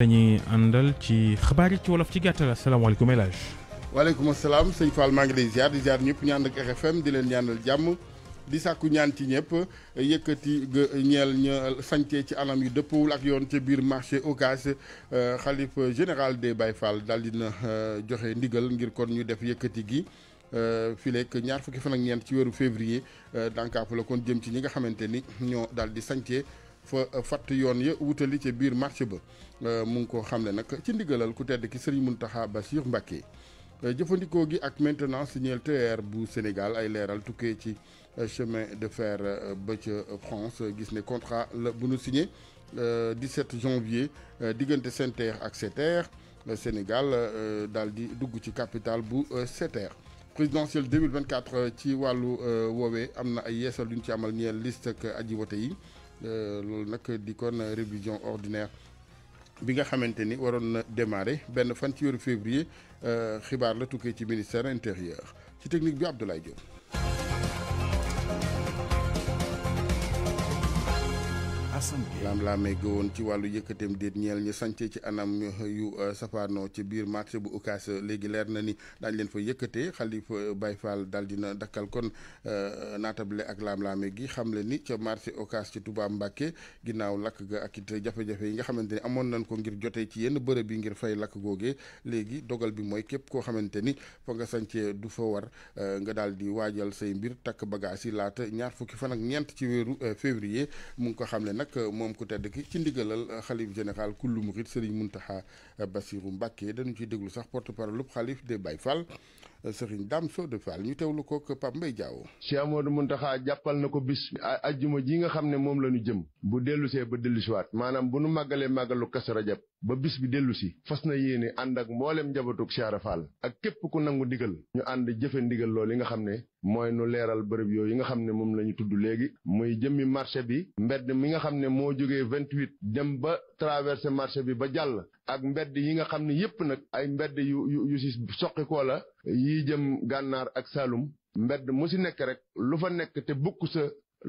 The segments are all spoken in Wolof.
dañuy àndal ci xabaar yi ci wolof ci gàttal asalaamaaleykum El Hadj. waaleykum asalaam sëñ Fall maa ngi lay ziar di ziar ñëpp ñu ànd ak di leen ñaanal jàmm di sàkku ñaan ci ñëpp yëkkati ñeel ña sàncee ci anam yu dëppwul ak yoon ci biir marché Ocass euh, xalifa général des bay Fall daal dina euh, joxe ndigal ngir kon ñu def yëkkati gi. Euh, lekk ñaar fukki fan ak ñeent ci weeru février dànkaafu la kon jëm ci ñi nga xamante ni ñoo daal di sàncee. fa euh, fatt yoon ya wutali ca biir marché ba euh, mu ngi ko xam ne nag ci ndigalal ku tedd ki Serigne Mountakha Bassirou Mbacké euh, jëfandikoo gi ak maintenance ñeel TER bu Sénégal ay leeral tukkee ci chemin de fer ba ca France gis ne contrat la bu nu signé 17 janvier diggante SENTER ak SETER Sénégal daal di dugg ci capital bu SETER présidentielle 2024 ci wàllu woowee am na ay yeesal yu ñu ci amal ñeel liste ak aji wote yi. Euh, loolu nag di kon révision ordinaire bi nga xamante ni waroon na demare benn fan ci weeru février euh, xibaar la tukkee ci ministère intérieur ci technique bi Abdoulaye Diop. laam-laamee woon ci wàllu yëkkateem déet ñeel ñu sancee ci anam yu euh, safaanoo ci biir marché bu ukaas euh, léegi leer na ni daañ leen fa yëkkatee xalifa euh, Baye Fall daal dina dakkal kon naatable ak laam-laame gi xam le ni ca marché ukaas ci Touba Mbàkke ginnaaw lakk ga ak it jafe-jafe yi nga xamante ni amoon nañ ko ngir jotee ci yenn bërëb yi ngir fay lakk googee léegi dogal bi mooy képp koo xamante ni fa nga sancee du fa war nga daal di waajal say mbir takk bagage yi laata ñaar fukki fan ak ñeent ci weeru février mu ngi ko nag moom ku tedd ki ci ndigalal xalif général kullu murit Serigne Mountakha Bassirou Mbacké dañu ciy déglu sax porte parole lu xalif de Baye Fall Serigne Dame Sode Fall ñu teewlu ko ak Pape Mbaye Diaw. Cheikh Amadou Mountakha jàppal na ko bis ajjuma ji nga xam ne moom la ñu jëm bu dellusee ba dellusiwaat maanaam bu nu màggalee màggalu Kazu Rajab ba bis bi dellu si fas na yéene ànd ak mboolem njabatug Cheikh Fall ak képp ku nangu ndigal ñu ànd jëfe ndigal loolu yi nga xam ne mooy nu leeral bërëb yooyu yi nga xam ne moom la ñu tudd léegi muy jëmmi marché bi mbedd mi nga xam ne moo jógee vingt-huit dem ba traversé marché bi ba jàll ak mbedd yi nga xam ne yépp nag ay mbedd yu yu yu si soqikoo la yi jëm gànnaar ak Saalum mbedd mu si nekk rek lu fa nekk te bukk sa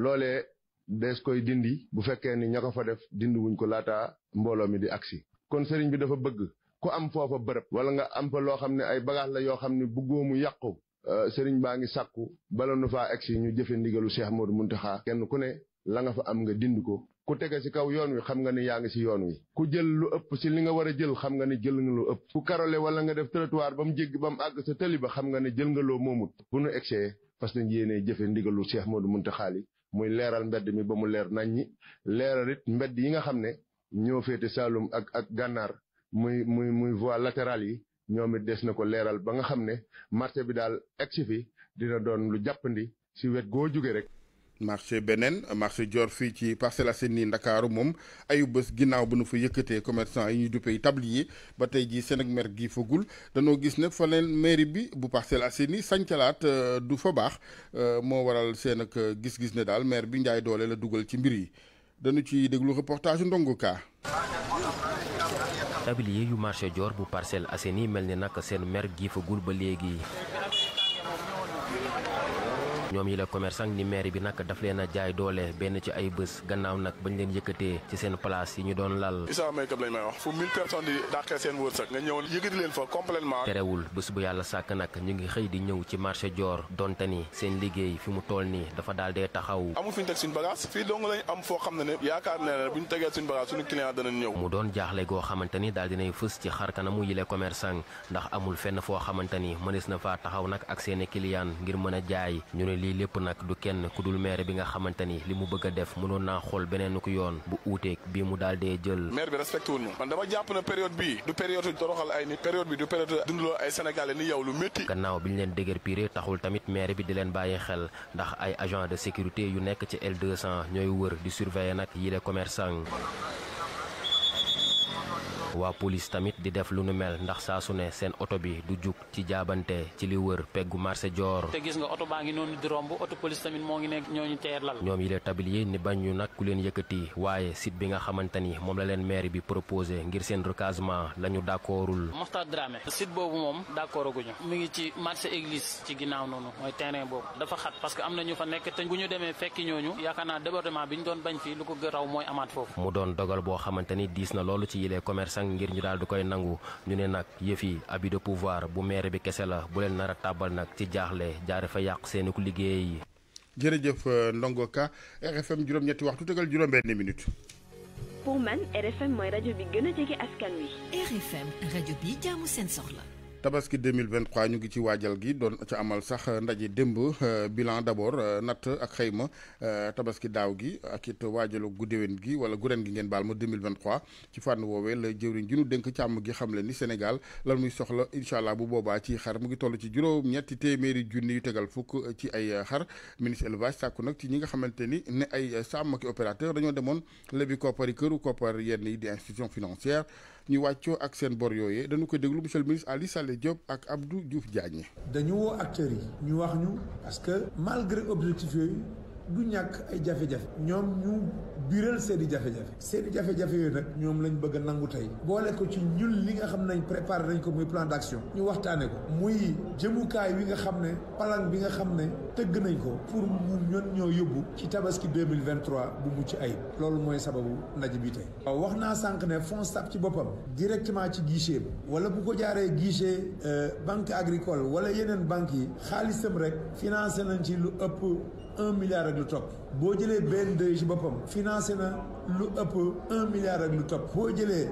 loolee dees koy dindi bu fekkee ni ña ko fa def dindi wuñ ko laata mbooloo mi di agsi kon sëriñ bi dafa bëgg ku am foofa bërëb wala nga am fa loo xam ne ay bagaas la yoo xam ne buggoo mu yàqu euh, sëriñ baa ngi sàkku bala nu faa egsi ñu jëfe ndigalu Cheikh Modou xaa kenn ku ne la nga fa am nga dind ko ku tege si kaw yoon wi xam nga ni yaa ngi si yoon wi ku jël lu ëpp ci li nga war a jël xam nga ni jël nga lu ëpp ku karole wala nga def trottoir ba mu jéggi ba mu àgg sa tëli ba xam nga ne jël nga loo moomut bu nu egsee parce que yéene jëfe ndigalu Cheikh Modou Mountakha Xaali muy leeral mbedd mi ba mu leer nañ ñi leeral mbedd yi nga xam ne ñoo féete Saalum ak ak gànnaar muy muy muy voie latérale yi ñoom des na ko leeral ba nga xam ne marché bi daal egsi fi dina doon lu jàppandi ci wet goo jóge marché beneen marché joor fii ci Parcelles Assainies Ndakaaru moom ayu bés ginnaaw bu nu fa yëkkatee commerçant yi ñu duppee tablier ba tey jii seen mer gi fagul gis ne fa leen bi bu Parcelles Assainies sancalaat euh, du fa baax euh, moo waral seen ak euh, gis-gis ne daal maire bi Njaay Doole la dugal ci mbir yi danu ci déglu reportage ndongo kaa tablier yu marché Dior bu Parcelles Assainies mel ni nag seen mer gi fagul ba léegi ñoom yi la commerçant ni maire bi nag daf leen a jaay doole benn ci ay bés gannaaw nag bañ leen yëkkatee ci seen place yi ñu doon lal isa maykab lañ may wax fu mille personnes di dàqee seen wërsëg nga ñëw yëkkati leen fa complètement terewul bés bu yàlla sàkk nag ñu ngi xëy di ñëw ci marché joor donte ni seen liggéey fi mu tool nii dafa daal dee taxaw amul fi ñu teg suñu bagage fii dong lañ am foo xam ne ne yaakaar ne bu ñu tegee suñu bagage suñu client danañ ñëw doon jaaxle goo xamante ni daal dinay fës ci xar kanamu yi la amul fenn foo xamante ni mënees na faa taxaw nag ak seeni client ngir mën a jaay lii lépp nag du kenn ku dul maire bi nga xamante ni li mu bëgg a def mënoon naa xool beneen ku yoon bu uuteeg bi mu daal dee jël meer bi respecté wuñu man dama jàpp na période bi du période dundaloo ay sénégalais ni yow lu métti gannaaw bi ñu leen dëgër piire taxul tamit maire bi di leen bàyyi xel ndax ay agent de sécurité yu nekk ci L200 ñooy wër di surveiller nag yile commerçant waa police tamit di def lu nu mel ndax saa su ne seen oto bi du jug ci jaabante ci li wër peggu marché Dior. te gis nga oto baa ngi noonu di romb oto police tamit moo ngi nekk ñooñu teer lal. ñoom yi la ni bañ ñu nag ku leen yëkkati waaye site bi nga xamante moom la leen maire bi proposé ngir seen recasement la ñu d'accordul. Mokhtar Dramé boobu moom d'accordaguñu mi ngi ci marché église ci ginnaaw noonu mooy terrain boobu dafa xat parce am na nang ngir ñu daal di koy nangu ñu ne nag yëf yi abus de bu maire bi kese la bu leen nar a tàbbal nag ci jaaxle jaare fa yàq seeni ku liggéey. jërëjëf euh, Ndongo Ka RFM juróom-ñetti waxtu pour man RFM mooy rajo bi gën a jege askan wi. RFM rajo bi jaamu seen soxla. tabaski mille 2023 ñu ngi ci waajal gi doon ca amal sax ndaje démb euh, bilan d'abord euh, natt ak xëyma euh, tabaski daaw gi ak it waajalu gu déwén gi wala gu ren gi ngeen baal ma 2023 ci fànn woowee la jëwriñ ju nu dénk càmm gi xam le ni Sénégal lan muy soxla incha allah bu boobaa ci xar mu ngi toll ci juróom-ñetti téeméeri junni yu tegal fukk ci ay xar ministre élevage sàkku nag ci ñi nga xamante ni ne ay sàmm ak opérateur dañoo demoon lebi koppari këru koppar yenn yi di institution financière ñu wàccoo ak seen bor yooyee dañu ko déglu monsieur le ministre Aly Saleh Diop ak Abdou Diouf Diagne. dañu woo acteurs yi. ñu wax ñu parce que malgré objectif yooyu. du ñàkk ay jafe-jafe ñoom ñu biral seeni jafe-jafe seeni jafe-jafe yooyu nag ñoom lañ bëgg nangu tey boole ko ci ñun li nga xam nañ préparer nañ ko muy plan d'action ñu waxtaane ko muy jëmukaay wi nga xam ne palang bi nga xam ne tëgg nañ ko pour mu ñon ñoo yóbbu ci tabaski 2023 bu mucc ay loolu mooy sababu ndaje bi tey waaw wax naa sànq ne FONSTAB ci boppam directement ci guichet bi wala bu ko jaaree guichet euh, banque agricole wala yeneen banque yi xaalisam rek financé nañ ci lu ëpp un milliard ak lu topp boo jëlee benn 2 ci boppam financé na lu ëpp un milliard ak lu topp boo jëlee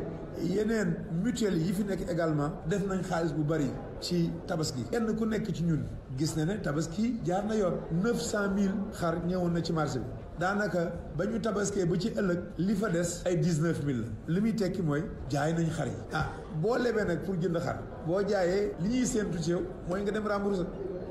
yeneen mutuelle yi fi nekk également def nañ xaalis bu bari ci tabaski kenn ku nekk ci ñun gis na ne tabaski jaar na yoon neuf cent mille xar ñëwoon na ci marché bi daanaka ba ñu tabaskee bu ci ëllëg li fa des ay dix-neuf mille la li muy tekki mooy jaay nañ xar yi ah boo lebee nag pour jënd xar boo jaayee li ñuy séentu ci mooy nga dem rembourser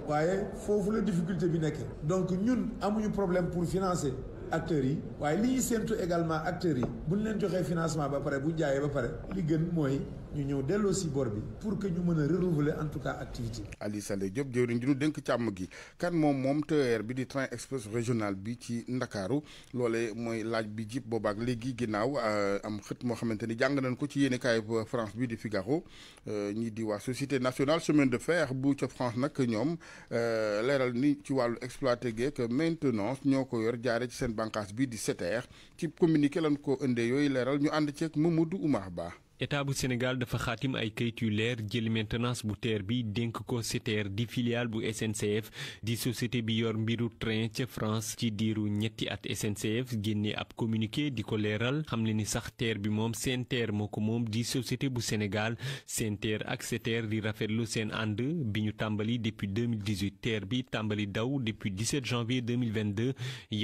waaye foofu la difficulté bi nekkee donc ñun amuñu problème pour financer acteurs yi waaye li ñuy séentu également acteurs yi bu ñu leen joxee financement ba pare bu ñu jaayee ba pare li gën mooy ñu ñëw delloo si bor bi pour que ñu mën a renouveler en tout cas activité Ali Sallé Diop jëwriñ ji ñu dénk càmm gi kan moom moom TER bi di train express régional bi ci Ndakaaru loole mooy laaj bi jip boobaak léegi ginnaaw euh, am xët moo xamante ni jàng nañ ko ci yéeni kaay France bi di Figaro euh, ñi di waa société nationale semaine de fer bu ca France nag ñoom euh, leeral ni ci wàllu exploité geek maintenance ñoo ko yor jaare ci seen bànqaas bi di SETER ci communiqué lan ko indee yooyu leeral ñu ànd ceeg Mamadou Oumar Ba état bu Sénégal dafa xaatim ay kayit yu leer jël maintenance bu TER bi dénk ko SETER di filiale bu SNCF di société bi yor mbiru train ca France ci diiru ñetti at SNCF génne ab communiqué di ko leeral xam le ni sax TER bi moom seen TER moo ko moom di société bu Sénégal seen TER ak SETER di rafetlu seen ànd bi ñu tàmbali depuis 2018 TER bi tàmbali daw depuis 17 janvier 2022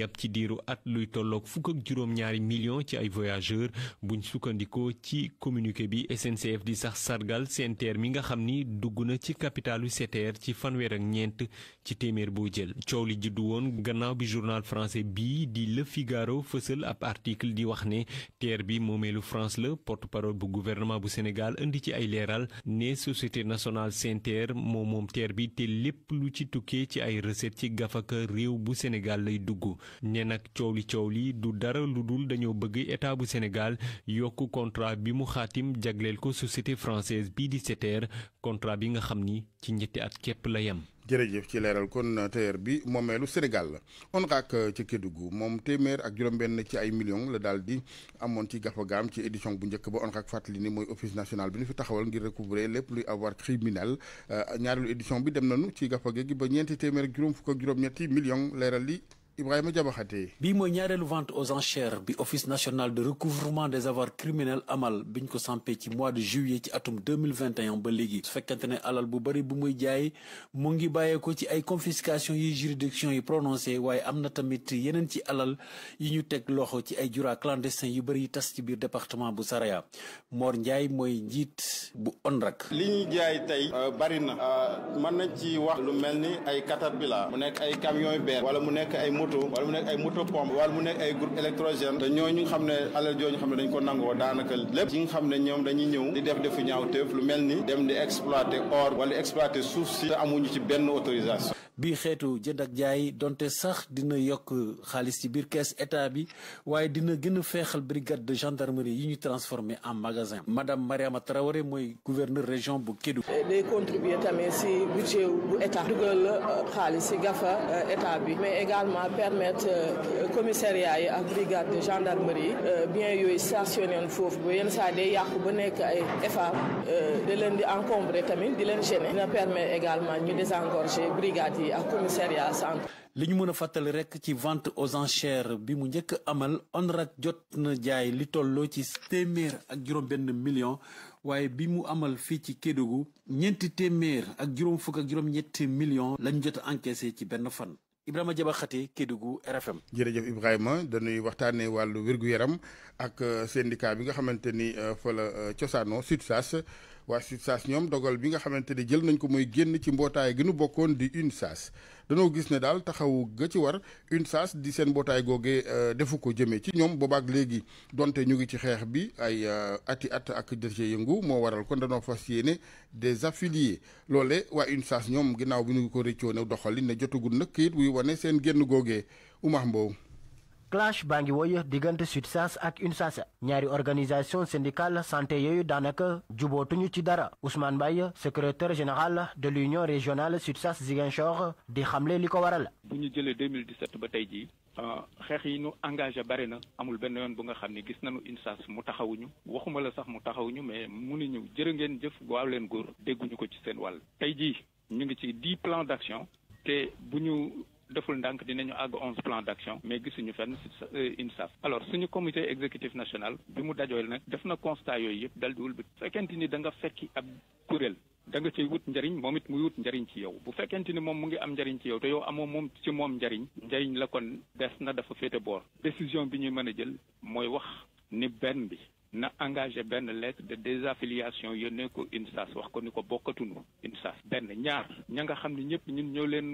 yàpp ci diiru at luy tollook fukk ak juróom-ñaari millions ci ay voyageurs buñ sukkandikoo ci communiqué bi SNCF di sax sargal CNTR mi nga xam ni dugg na ci capitalu CTR ci fanweer ak ñeent ci téeméer boo jël coow li juddu woon gannaaw bi journal français bii di Le Figaro fësal ab article di wax ne TER bi moomeelu France la porte-parole bu gouvernement bu Sénégal indi ci ay leeral ne société nationale CNTR moo moom TER bi te lépp lu ci tukkee ci ay recette ci gafaka réew bu Sénégal lay dugg ne nag coow li coow li du dara lu dul dañoo bëgg état bu Sénégal tim jagleel ko société française bii di SETER contrat bi nga xam ni ci ñetti at képp la yem. jërëjëf ci leeral kon bi moom moomeelu Sénégal la ONAC ci Kédougou moom téeméer ak juróom-benn ci ay million la daal di amoon ci gafagaam ci édition bu njëkk ba ONAC fàttali ni mooy office national bi ñu fi taxawal ngir recouvrer lépp luy avoir criminel euh, ñaareelu édition bi dem nañu ci gafage gi ba ñeenti téeméer ak juróom fukk ak juróom-ñetti millions leeral li. Ibrahima Diabaxate. bii mooy ñaareelu vente aux enchères bi office national de recouvrement des avoirs criminels amal bi ñu ko sampee ci mois de juillet ci atum deux mille vingt et un ba léegi. su fekkente ne alal bu bëri bu muy jaay mu ngi bàyyeekoo ci ay confiscation yi juridiction yi prononcé waaye am na tamit yeneen ci alal yi ñu teg loxo ci ay jura clandestin yu bëri yi tas ci biir département bu Saraya Mor Ndiaye mooy njiit bu ONRAC. li ñuy jaay tey. Euh, bari na. Euh, mën nañ ci wax lu mel ni ay caterpillar. mu to wala mu nekk ay moto pompe wala mu nekk ay groupe électrogène te ñooñu nga xam ne alal jooju xam ne dañ ko nangoo daanaka lépp ci nga xam ne ñoom dañuy ñëw di def defu ñaaw téef lu mel ni dem di exploiter or wala exploiter suuf si amuñu ci benn autorisation bi xeetu jënd ak jaay donte sax dina yokk xaalis ci biir kees état bi waaye dina gën a feexal brigade de gendarmerie yi ñu transformé en magasin madame Mariama Traoré mooy gouverneur région bu Kédougou. Eh, day contribuer tamit si budget bu état. dugal euh, xaalis si gafa euh, état bi. mais également permettre euh, commissariat yi ak brigade de gendarmerie. bien yooyu stationné woon foofu ba yenn saa day yàqu ba nekk ay effar da leen di encombrer tamit di leen gêner. ñu désengorger yi li ñu mën a fàttali rek ci vente aux enchères bi mu njëkk amal ONRAC jot na jaay li tolloo ci téeméer ak juróom-benn million waaye bi mu amal fii ci Kédougou ñeenti téeméer ak juróom fukk ak million lañ jot a encaissé ci benn fan. Ibrahima Diaba Khaté Kédougou RFM. jërëjëf Ibrahima dañuy waxtaanee wàllu wér yaram ak syndicat bi nga xamante ni euh, fa la euh, cosaanoo waa SYTSAS ñoom dogal bi nga xamante ne jël nañ ko mooy génn ci mbootaay gi nu bokkoon di UNSAS danoo gis ne daal taxaw ga ci war une UNSAS di seen mbootaay googee euh, defu ko jëmee ci ñoom boobaak léegi donte ñu ngi ci xeex bi ay euh, ati at ak dëcc yëngu moo waral kon danoo fas yéene des affiliés loole une UNSAS ñoom ginnaaw bi ñu ko rëccoo ne doxali ne jotagul nag kayit wuy wane seen génn googee Oumar Mbow clash baa ngi woy diggante SUTSAS ak UNSAS ñaari organisation syndicale santé yooyu daanaka jubootuñu ci dara Ousmane Mbaye secrétaire général de l'union régionale SUTSAS Ziguinchor di xamle li ko waral. bu ñu jëlee 2017 ba tey jii. Ah, xeex yi ñu engagé bari na amul benn yoon bu nga xam ne gis nañu UNSAS mu taxawuñu waxuma la sax mu taxawuñu mais mënuñu jërë ngeen jëf waaw leen góor dégguñu ko ci seen wàll. tey jii ñu ngi ci di plans d'action te deful ndànk dinañu àgg onze plan d'action mais gisuñu fen si euh, INSAF alors suñu comité exécutif national bi mu dajool nag def na constat yooyu yëpp dal di wul fekkente ni da nga fekki ab kuréel da nga ciy wut njariñ moom it muy wut njariñ ci yow bu fekkente ni moom mu ngi am njariñ ci yow te yow amoo moom ci moom njariñ njariñ la kon des na dafa féete boor décision bi ñuy mën a jël mooy wax ni benn bi na engagé benn lettre de désaffiliation yónnee ko INSAS wax ko ni ko bokkatunu INSAS benn ñaar ña nga xam ne ñëpp ñun ñoo leen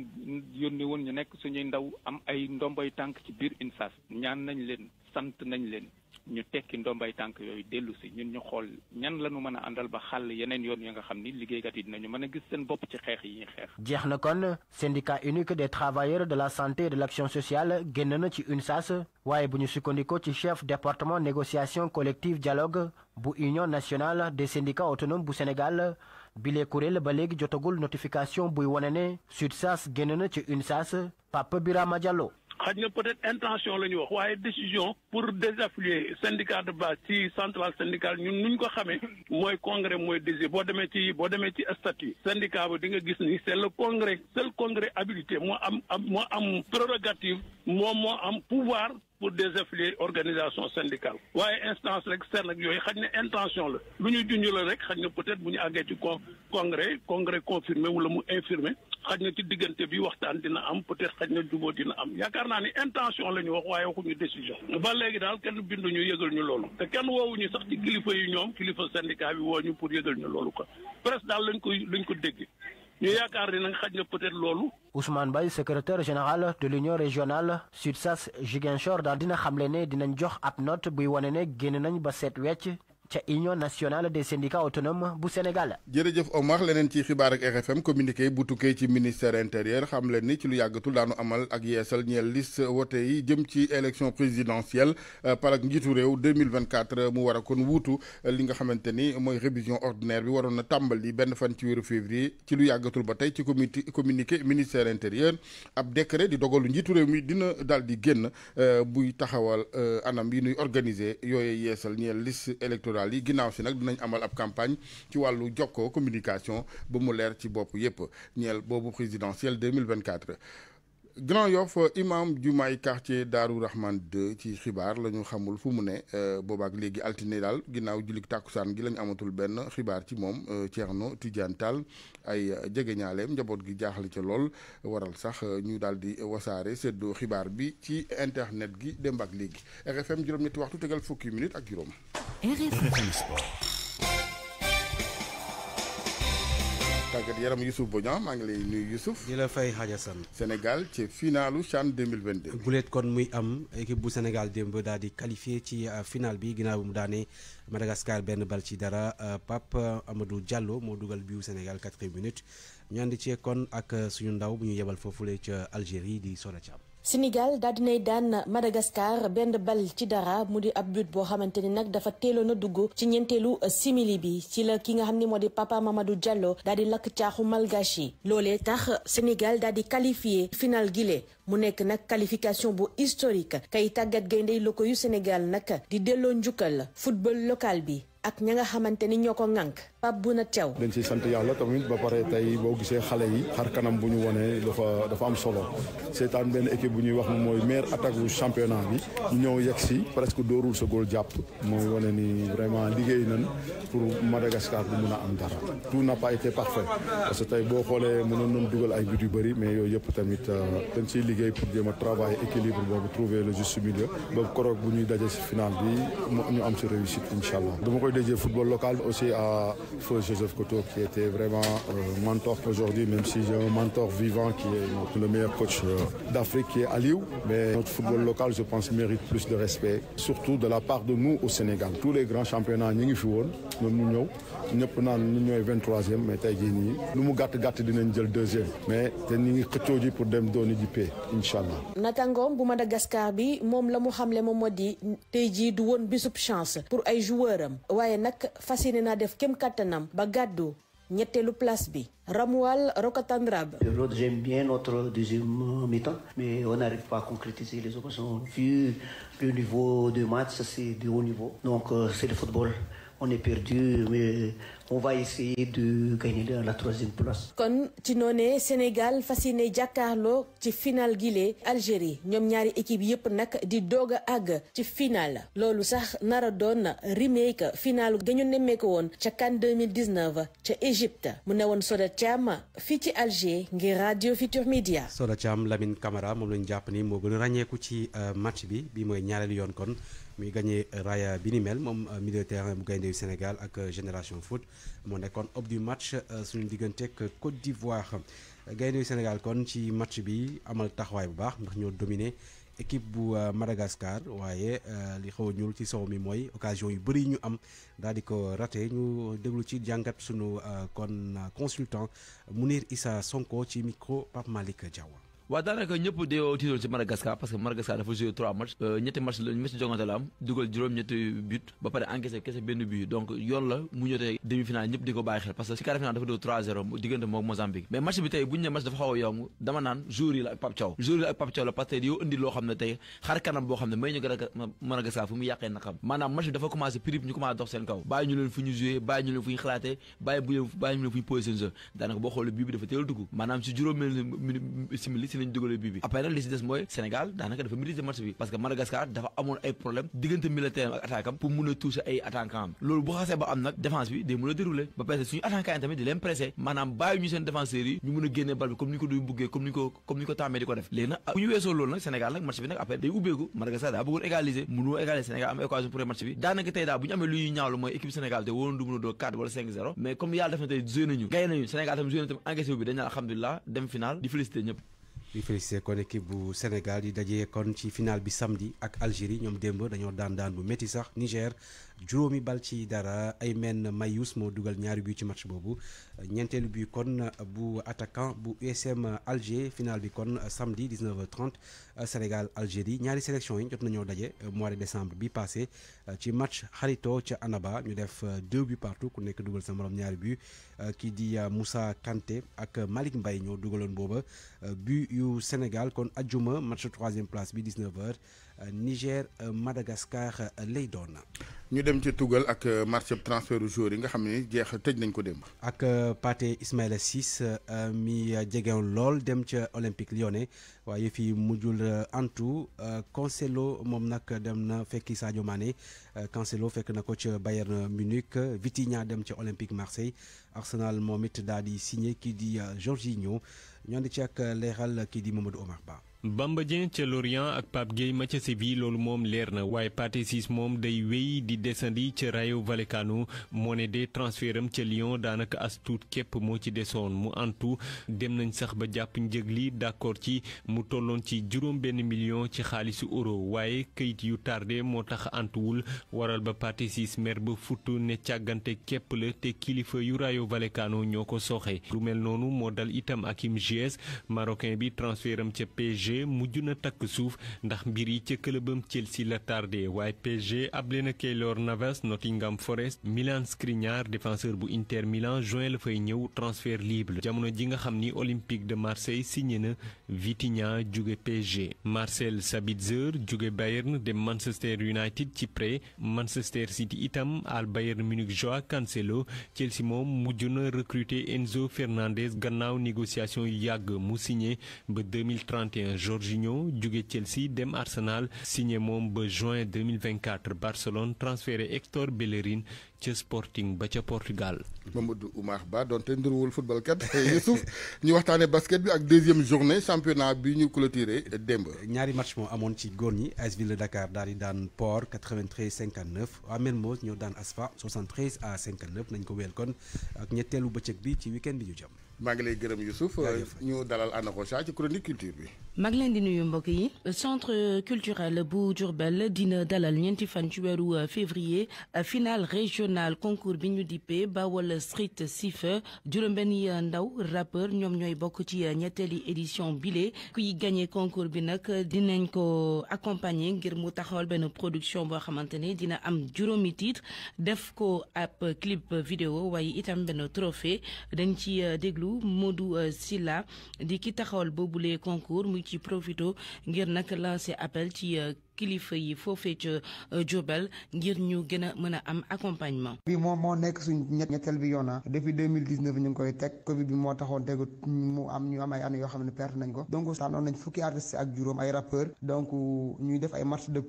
yónnee woon ñu nekk suñuy ndaw am ay ndomboy tànk ci biir INSAS ñaan nañ leen sant nañ leen ñu tekki ndombay tànk yooyu dellu si ñun ñu xool ñan la ñu mën a àndal ba xàll yeneen yoon yi nga xam ni liggéeykat yi dinañu mën a gis seen bopp ci xeex yi xeex. jeex na kon syndicat unique des travailleurs de la santé et de l' sociale génn na ci une UNSAS waaye bu ñu sukkandikoo ci chef département négociation collective dialogue bu union nationale de syndicats autonomes bu Sénégal bile kuréel ba léegi jotagul notification buy wane ne SUTSAS génn na ci UNSAS Papa Birama Diallo. xaj na peut intention la ñu wax waaye décision pour désaffilier syndicat de base ci centrale syndicale ñun ñu ko xamee mooy congrès mooy désir boo demee ci boo demee ci statut syndicat ba di nga gis ni c'est le congrès seul congrès habilité moo am am moo am prérogative moom moo am pouvoir pour désaffilier organisation syndicale waaye instance rek seen ak yooyu xaj ne intention la lu ñu junj la rek xaj na peut-être bu ñu àggee ci con congrès congrès confirmé wala mu infirmé xaj na ci diggante bi waxtaan dina am peut-être xaj na jubóo dina am yaakaar naa ni intention la ñu wax waaye waxuñu décision ba léegi daal kenn binduñu yëgal ñu loolu te kenn woowuñu sax ci kilifa yi ñoom kilifa syndicat bi woo ñu pour yëgal ñu loolu ko presque daal lañ koy lañ ko dégg ñu yaakaar ni nag xaj na peut-être loolu. Ousmane Baye secrétaire général de l'union régionale Sud-Sas Ziguinchor daal dina xamle ne dinañ jox ab not buy wane ne génn nañ ba seet wecc ca union nationale des syndicats autonomes bu Sénégal. jërëjëf Omar leneen ci xibaar ak RFM communiqué bu tukkee ci ministère intérieur xam leen ni ci lu yàggatul daanu amal ak yeesal ñeel liste wote yi jëm ci élection présidentielle euh, par ak njiitu réew 2024 euh, mu war a kon wutu euh, li nga xamante ni mooy révision ordinaire bi waroon na tàmbali benn fan ci weeru février ci lu yàggatul ba tey ci communiqué ministère intérieur ab décret di dogalu njiitu réew mi dina daal di génn buy taxawal anam yi nuy organiser yooyu yeesal ñeel liste électorale rurales yi ginnaaw si nag dinañ amal ab campagne ci wàllu jokkoo communication ba mu leer ci bopp yépp ñeel boobu présidentielle 2024 Grand Yoff imam jumaay quartier Daaru Rahman 2 ci xibaar la ñu xamul fu mu ne euh, boobaak léegi altine daal ginnaaw jullik tàkkusaan gi la amatul benn xibaar ci moom euh, Thierno Tidiane Tall ay euh, jegeñaaleem njaboot gi jaaxle ca lool waral sax ñu daal di wasaare séddoo xibaar bi ci internet gi démb ak léegi RFM juróom-ñetti waxtu tegal fukki minutes ak juróom. tàggat yaram Youssouf Bodian maa ngi lay nuyu Youssouf. di la fay xaja san Sénégal ci finalu CHAN 2022. guleet kon muy am équipe bu Sénégal démb daal di qualifié ci euh, final bi ginnaaw bi mu daane Madagascar benn bal ci dara euh, pap euh, Amadou Diallo moo dugal biu Sénégal quatrième minute ñu ànd ci kon ak suñu ndaw bu ñu yebal foofule ca Algérie di Sora Thiam. Sénégal daal dinay daan Madagascar benn bal ci dara mu di ab but boo xamante ni nag dafa teeloon a dugg ci ñeenteelu simili bi ci la ki nga xam ni moo di Papa Mamadou Diallo daal di lakk caaxu malgache loolee tax Sénégal daal di qualifié final gile mu nekk nag qualification bu historique kay tàggat gaynde loko yu Sénégal nag di delloo njukkal football locale bi ak ña nga xamante ni ñoo ko ŋànk Pape Bouna Thiaw. dañ siy sant yàlla tamit ba pare tey boo gisee xale yi xar kanam bu ñu wone dafa dafa am solo seetaan benn équipe bu ñuy wax mooy meilleure attaque bu championnat bi ñu ñëw yegg si presque dóorul sa góol jàpp mooy wane ni vraiment liggéey nan pour Madagascar bu mun a am dara tout n'a pas été parfait parce que tey boo xoolee mënoon nañ dugal ay but yu bëri mais yooyu yëpp tamit euh, dañ si liggéey pour jéem a travailler équilibre boobu trouver le juste milieu boobu koroog bu ñuy daje si final bi ñu am si réussite incha allah faut Joseph Koto qui était vraiment euh, mentor aujourd'hui, même si j'ai un mentor vivant qui est donc, le meilleur coach euh, d'Afrique, qui est Aliou. Mais notre football local, je pense, mérite plus de respect, surtout de la part de nous au Sénégal. Tous les grands championnats, nous avons joué, nous avons ñëpp naan ñu ñooy 23e mais tey jii mais te ñu ngi xëccoo ji pour dem dooni ji pee incha allah. natangoom bu Madagascar bi moom la mu xamle kàttanam ba gàddu ñetteelu place bi Ramwal Rokatandrab. L'autre, j'aime bien notre deuxième mi mais on n'arrive pas concrétiser les occasions. Vu niveau de match, c'est de haut niveau. Donc, euh, c'est le football. on est perdu mais euh, on va essayer kon ci noonee Sénégal fas yéene jàkkaarloo ci final gile Algérie ñoom ñaari équipe yëpp nag di doog a àgg ci final loolu sax nara doon na final ga ñu nemmeeku woon ca CAN 2019 ca Égypte mu ne woon Soda Thiam fii ci Alger ngir radio Futur Media. Soda Thiam Lamine Camara moom lañu jàpp ni moo gën a ràññeeku ci euh, match bi bi mooy ñaareelu yoon kon. muy gagné raaya bi ni moom milieu terrain bu gaynde yu Sénégal ak Génération Foot moo nekkoon ob du match euh, suñu diggante ak Côte d'Ivoire gaynde yu Sénégal kon ci match bi amal taxawaay bu baax ndax ñoo dominé équipe bu euh, Madagascar waaye euh, li xaw a ñuul ci sow mi mooy occasion yu bëri ñu am daal di ko raté ñu déglu ci jàngat suñu kon consultant Mounir Issa Sonko ci micro Pape Malick Diaw waaw daanaka ñëpp dayoo tiitoon si Madagascar parce que Madagascar dafa euh, juróom-ñetti but ba pare encaissé kese benn but donc yoon la mu ñëwee demi-finale ñëpp di ko bàyyi xel parce que si quart final dafa doo 3-0 diggante moom Mozambique mais match bi tey bu ñu ne dafa xaw a yomb dama naan jour la ak Pape Thiaw jour la ak Pape Thiaw la ñu gën fu ñu commencé dox seen ñu leen fu ñu ñu leen fu ñu xalaatee bàyyi bu ñu leen fu ñu posé seen si lañ dugalee bii bi après nag li si des mooy Sénégal daanaka dafa maîtriser match parce que dafa amoon ay problème diggante militaire ak attaque am pour ay attaquant am bu xasee ba am nag défense bi day mun ba pressé suñu attaquant yi tamit di leen pressé maanaam bàyyi ñu seen défenseurs yi ñu mun a génne bal bi comme ni ko duy buggee comme ni ko comme ni ko daa bu ñu amee lu di félicité kon équipe bu Sénégal yi dajee kon ci final bi samedi ak Algérie ñoom démb dañoo daan daan bu métti sax Niger juróomi bal ci dara ay men Mayus moo dugal ñaari but ci match boobu ñeenteelu bi kon bu attaquant bu USM Alger final bi kon samedi 19h30 Sénégal Algérie ñaari sélection yi jot nañoo daje mois de décembre bi passé ci match xarito ca Annaba ñu def deux bi partout ku nekk dugal sa morom ñaari but kii di musa Kanté ak Malick mbay ñoo dugaloon booba but yu Sénégal kon ajuma match troisième place bi 19h. Euh, Niger euh, Madagascar euh, lay doon. ñu dem ci tugal ak marché transfert du jour yi nga xam ne jeex tëj nañ ko dem ak Pathé Ismaïla Ciss mi jegewoon lool dem ca Olympique Lyonnais waaye fii mujjul antu Cancelo moom nag dem na fekki Sadio Mané Cancelo fekk na ko ca Bayern Munich Vitinha dem ca Olympique Marseille Arsenal moom it daal di signé kii di ñëw ñoo ngi ci ak leeral kii di Mamadou Omar Ba. Bamba Dieng ca Lorient ak Pape Gueye ma ca Séville loolu moom leer na waaye Pathé moom day wéy di desandi ca Rayo Vallecano moo ne de transferam ca Lyon daanaka as tuut képp moo ci desoon mu antu dem nañ sax ba jàpp njëg li d'accord ci mu tolloon ci juróom benn million ci xaalisu euro waaye kayit yu tardé moo tax antuwul waral ba Pathé Ciss mer ba futt ne càggante képp la te kilifa yu Rayo Vallecano ñoo ko sooxe lu mel noonu moo dal itam Hakim Ziyech marocain bi PSG mujj na takk suuf ndax mbir yi ca këlëbam Chelsea la tardé waaye PSG ablé na Keylor Navas Nottingham Forest Milan Skriniar défenseur bu Inter Milan juin la fay ñëw transfert libre jamono ji nga xam ni Olympique de Marseille signé na Vitinha jóge PSG Marcel Sabitzer jóge Bayern dem Manchester United ci prêt Manchester City itam al Bayern Munich Joao Cancelo Chelsea moom mujj na recruter Enzo Fernandez gannaaw négociation yu yàgg mu signé ba Jorginho jóge Chelsea dem Arsenal signé moom ba juin 2024 Barcelone transféré Hector Bellerin ca Sporting ba ca Portugal. Mamadou Oumar Ba donte nduruwul football kat Youssouf ñu waxtaanee basket bi ak deuxième journée championnat bi ñu clôturé démb. ñaari match moo amoon ci góor ñi AS Ville de Dakar daal di daan Port 93 59 waa Mermoz ñoo daan Asfa 73 à 59 nañ ko wéyal kon ak ñetteelu bëccëg bi ci week-end bi ñu jam maa ngi gërëm Youssouf ñu dalal Anna Rocha ci chronique culture bi. maa ngi leen di nuyu mbokk yi. centre culturel bu Diourbel dina dalal ñeenti fan ci weeru euh, février euh, finale régionale concours bi ñu dippee Bawol street sif juróom-benni euh, ndaw rappeur ñoom ñooy bokk ci ñetteeli édition bile kuy gagné concours bi nag dinañ ko accompagner ngir mu taxawal benn production boo xamante ne dina am juróomi titre def ko ab clip vidéo waaye itam benn trophée dañ ci déglu. wàllu Modou euh, Sylla di ki taxawal boobu boobulee concours mu ci profito ngir nag lancer appel ci euh, kilifa yi foofee ca euh, Diourbel ngir ñu gën mën a am accompagnement. bi moom moo nekk suñ ñetteel bi yoon depuis ñu ngi koy teg Covid bi moo taxoon tegu mu am ñu am ay années yoo xam ne perte ko donc tànnoon nañ fukki artistes ak juróom ay rappeurs donc ñuy def ci des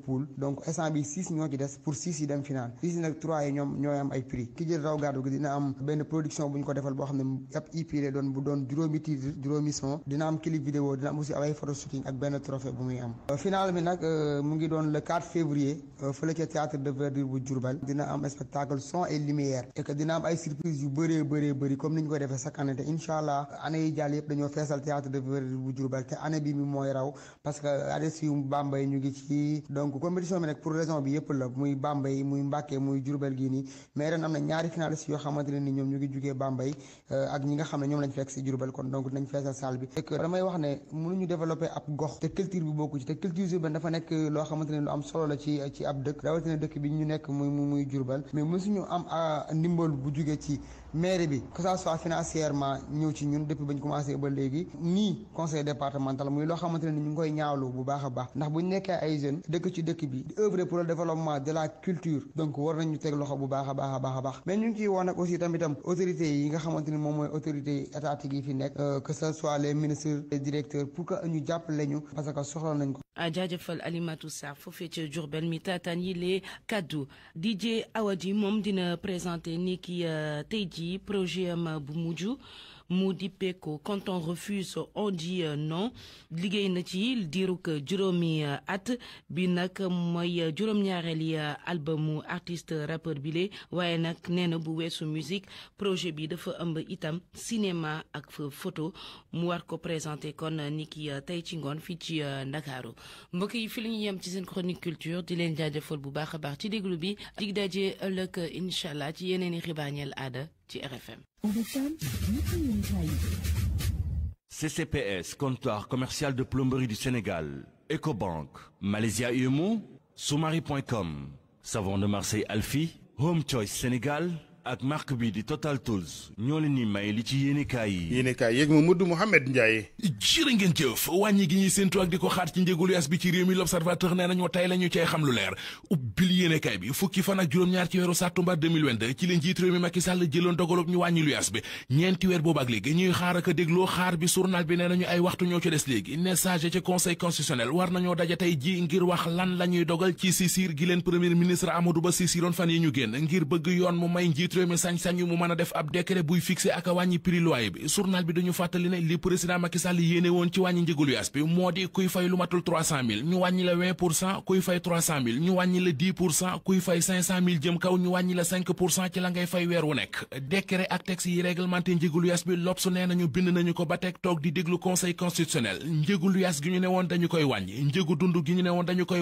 pour six yi dem final six yi nag trois prix ki jël raw gàddu gi dina am benn production bu ko defal boo xam ne ab EP lay doon bu doon juróomi titre juróomi son dina am clip vidéo dina am ay photo ak benn trophée bu muy am final bi nag euh, mu ngi doon le 4 février euh, fële ca théâtre de verdure bu Diourbel dina am spectacle son et lumière et dina am ay surprise yu bëree bëree bëri comme ni ñu ko defee chaque année te incha allah année yi jàll yëpp dañoo feesal théâtre de bu Diourbel te année bi mooy raw parce que yu Bambey ñu ngi ci donc compétition bi nag pour raison bi yëpp la muy Bambey muy Mbàkke muy Diourbel gii nii mais ren am na ñaari finalistes yoo xamante ne ñoom ñu ngi xamante ne lu am solo ci ci ab dëkk rawatina dëkk bi ñu nekk muy muy Diourbel mais mësuñu am ah, ndimbal bu jugee ci mairie bi que ça soit financièrement ñëw ci ñun depuis bañ commencé ba léegi nii conseil départemental muy loo xamante ni ñu ngi koy ñaawlu bu baax a baax ndax buñ nekkee ay jeunes dëkk ci dëkk bi di œuvrer pour le développement de la culture donc war nañu teg loxo bu baax a baax a baax mais ñu ngi ciy wax nag aussi tamitam autorités yi nga xamante moom mooy autorités étatiques yi fi nekk euh, que ce soit les ministres les directeurs pour que ñu jàppale ñu parce ji projet am bu mujj mu dippeeku quand on refuse on dit euh, non liggéey na ci diirug juróomi euh, at bi nag mooy juróom-ñaareeli euh, albumu artiste rappeur bile waaye nag nee na bu weesu musique projet bi dafa ëmb itam cinéma ak photo mu war ko présente kon ni ki tey ci ngoon fii ci Ndakaaru mbokk yi fi la ñu yem ci seen chronique culture di leen jaajëfal bu baax a baax ci déglu bi dig daje ëllëg incha allah ci yeneen i xibaar aada ci RFM. CCPS comptoir commercial de plomberie du Sénégal Ecobank Malaysia UMO Soumari.com Savon de Marseille Alfi Home Choice Sénégal ak marque bi di Total Tools ñoo leen may li ci yéenekaay yi yéenekaay yeeg Mamadou Mouhamed Ndiaye jërë ngeen jëf wàññi gi ñuy séentu ak di ko xaar ci njëgulu yas bi ci réew mi l'observateur nee nañu tey la ñu cay xam lu leer ubbil yéenekaay bi fukki fan ak juróom-ñaar ci weeru sàttumbar 2022 ci leen jiit réew mi Macky Sall jëloon dogalub ñu wàññi lu yas bi ñeenti weer boobu ak léegi ñuy xaar ak a dégloo xaar bi journal bi nee nañu ay waxtu ñoo ci des léegi message ci conseil war nañoo daje tey ji ngir wax lan la ñuy dogal ci sisir gi leen premier ministre Amadou Ba ñu génn ngir bëgg yoon mu may njiit njiitu sañ-sañ yu mu mën a def ab décret buy fixé ak a wàññi prix bi journal bi dañu fàttali ne li président Macky Sall yéene woon ci wàññi njëgu luyaas bi moo di kuy fay lu matul ñu wàññi la kuy fay 300000 jëm kaw ñu wàññi la ci la ngay fay weer wu nekk décret ak texte yi réglementé njëgu luyaas bi lobsu nee nañu bind nañu ko ba teg toog di déglu conseil constitutionnel njëgu luyaas gi ñu ne woon dañu koy wàññi njëgu dund gi ñu ne woon dañu koy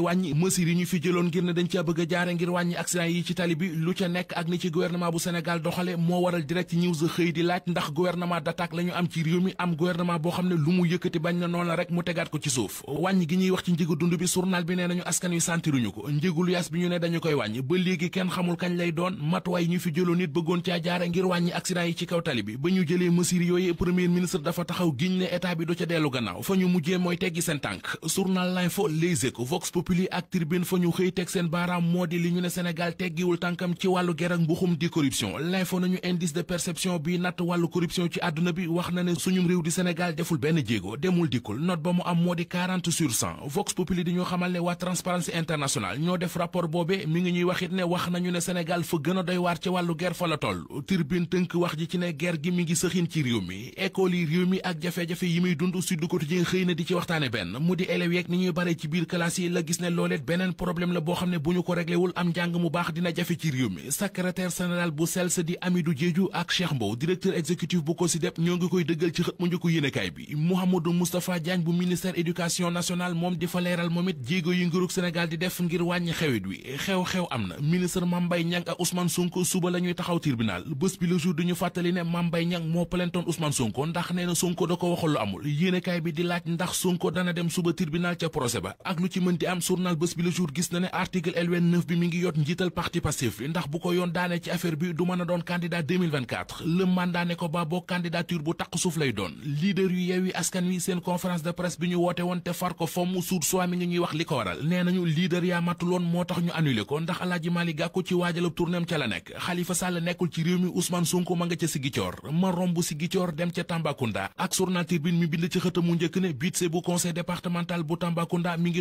Sénégal doxale moo waral direct news xëy di laaj ndax gouvernement d'attaque la ñu am ci réew mi am gouvernement boo xam ne lu mu yëkkati bañ na noonu la rek mu tegaat ko ci suuf wàññi gi ñuy wax ci njëgu dund bi journal bi nee nañu askan wi santiruñu ko njëgu luyaas bi ñu ne dañu koy wàññi ba léegi kenn xamul kañ lay doon matuwaay ñu fi jëloon nit bëggoon caa jaare ngir wàññi accident yi ci kaw tali bi ba ñu jëlee mesures yooyu premier ministre dafa taxaw gi ne état bi du ca dellu gannaaw fa ñu mujjee mooy teggi seen tànk journal l'info les échos vox populi ak tribune fa ñu xëy teg seen baaraam moo di li ñu ne Sénégal teggiwul tànkam ci wàllu ger ak mbuxum di corruption l'info nañu indice de perception bi natt wàllu corruption ci àdduna bi wax na ne suñum réew di Sénégal deful benn jéego demul dikkul note ba mu am moo di 40 sur 100 Vox Populi di ñoo xamal ne waa Transparency International ñoo def rapport boobe mi ngi ñuy waxit ne wax nañu ne Sénégal fa gën a doy waar ci wàllu guerre fa la toll Tribune tënk wax ji ci ne guerre gi mi ngi sëxin ci réew mi école yi réew mi ak jafe-jafe yi muy dund Sud Quotidien xëy na di ci waxtaane benn mu di élèves yeeg ni ñuy bare ci biir classe yi la gis ne looleet beneen problème la boo xam ne bu ñu ko réglewul am njàng mu baax dina jafe ci réew mi secrétaire général bu bu sell sa di Amidou Diédhiou ak Cheikh Mbow directeur exécutif bu COSYDEP ñoo ngi koy dëggal ci xët mu njëkk yéenekaay bi Mouhamadou Moustapha Diagne bu ministère éducation nationale moom di fa leeral moom jéego yi ngirug Sénégal di def ngir wàññi xewit wi xew-xew am na ministre Mame Mbaye Niang ak Ousmane suba la taxaw tribunal bés bi le jour duñu fàttali ne Mame Mbaye moo plaintoon Ousmane Sonko ndax nee na Sonko da ko waxul lu amul yéenekaay bi di laaj du mën a doon candidat 2024 le bu taq suuf lay doon leader yu yeewi askan wi seen conférence de presse bi ñu woote woon te far ko fomm suur soi mi ngi ñuy wax li ko waral nee nañu leader yaa matuloon moo tax ñu annulé ko ndax Alaaji Malick Gakou ci waajalab tournéem ca la nekk Khalifa Sall nekkul ci réew mi Ousmane Sonko ma nga ca Ziguinchor ma romb Ziguinchor dem ca Tambacounda ak journal Tribune mi bind ci xëtamu njëkk ne budget bu conseil départemental bu Tambacounda mi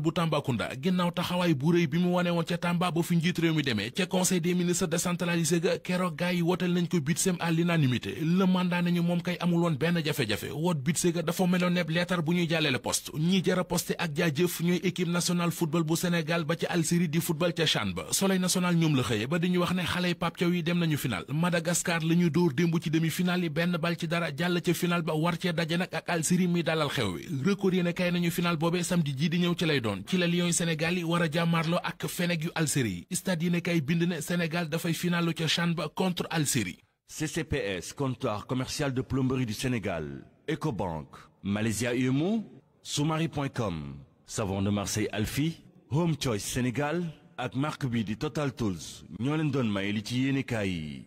bu bu Tambacounda ginnaaw taxawaay bu rëy bi mu wane woon ca Tamba ba fi njiit réew mi demee ca conseil des ministres décentralisé ga keroog gaa yi wotal nañ ko budget à l'unanimité le mandat nañu moom kay amul woon benn jafe-jafe woot budget ga dafa meloon nepp leetar bu ñuy jàllale post ñi jara poste ak jaajëf ñooy équipe nationale football bu Sénégal ba ca Algérie di football ca CHAN ba soleil national ñoom la xëyee ba ñu wax ne xale yi Pape Thiaw yi dem nañu final Madagascar la ñu dóor démb ci demi-finale benn bal ci dara jàll ca final ba war cee daje nag ak Algérie mi dalal xew wi record yéene kay nañu final boobee samedi ji di ñëw ci lay doon yoon ci la lions yi Sénégal yi war a jàmmaarloo ak Fenech yu Algérie yi yi ne kay bind ne Sénégal dafay finalu ca CHAN contre Algérie. CCPS comptoir commercial de plomberie du Sénégal Ecobank Malaysia UMO Soumari.com savon de Marseille Alfi Home Choice Sénégal ak marque bi di Total Tools ñoo leen may li ci yéenekaay yi.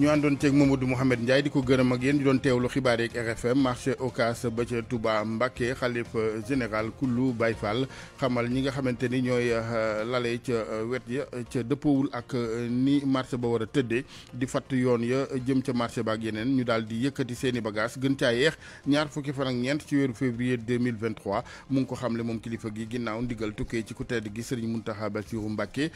ñu àndoon ceeg Mamadou Mouhamed Ndiaye di ko gërëm ak yéen di doon teewlu xibaar yeeg RFM marché Ocass ba ca tubaa Mbacké xalifa euh, général kullu Baye Fall xamal ñi nga xamante ni ñooy euh, lale ca euh, wet ya ca dëppawul ak ni marché ba war a di fatt yoon ya jëm ca marché ba ak yeneen ñu daal di yëkkati seeni i bagage gën caa yeex ñaar fukki fan ak ñeent ci weeru février 2023 mu ngi ko xamle moom kilifa gi ginnaaw ndigal tukkee ci ku tedd gi Serigne Mountakha Bassirou Mbacké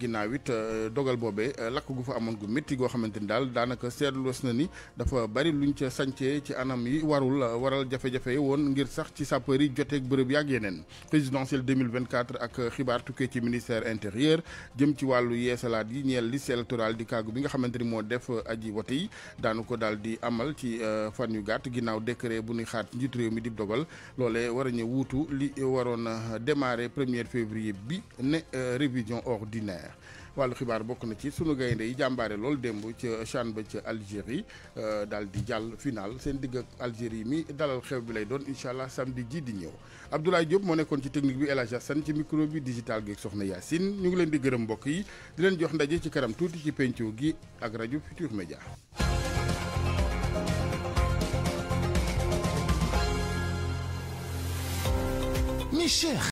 ginnaaw it dogal boobee lakk gu fa amoon gu métti xamante ni daal daanaka seetluwees na ni dafa bari lu luñ ca sancee ci anam yi warul euh, waral jafe-jafe yi woon ngir sax ci sapeur yi joteeg bërëb yi ak yeneen présidentielle 2024 ak xibaar tukkee ci ministère intérieur jëm ci wàllu yeesalaat yi ñeel liste électorale di kàggu bi nga xamante ni moo def euh, aji wote yi daanu ko daal di amal ci euh, fan yu gàtt ginnaaw décret bu ñuy xaat njiitu réew mi di dogal loole war a ñu wuutu li waroon démarrer premier février bi ne révision ordinaire wàllu xibaar bokk na ci sunu gaynde yi jàmbaare lool démb ca CHAN ba ca Algérie euh, dal di jàll final seen digg ak Algérie mi dalal xew bi lay doon incha allah samedi ji di ñëw Abdoulaye Diop moo nekkoon ci technique bi El Hadj Assane ci micro bi digital gi soxna Yacine ñu ngi leen di gërëm mbokk yi di leen jox ndaje ci kanam tuuti ci penco gi ak rajo Futur Média